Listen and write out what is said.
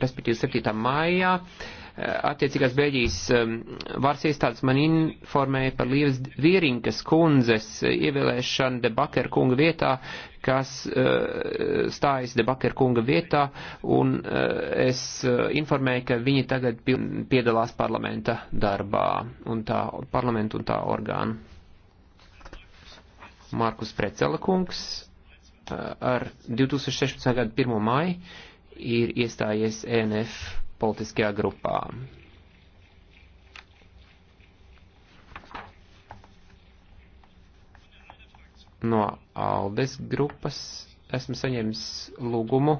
respektīvi 7. maijā, eh, attiecīgās Beļģijas ehm, varas iestādes man informēja par Līves Vierinkas kundzes ievēlēšanu debaker kunga vietā, kas eh, stājas debaker kunga vietā, un eh, es informēju, ka viņi tagad piedalās parlamenta darbā un tā parlamentu un tā orgānu. Markus Precela kungs ar 2016. gada 1. māju ir iestājies ENF politiskajā grupā. No Aldes grupas esmu saņēmis lūgumu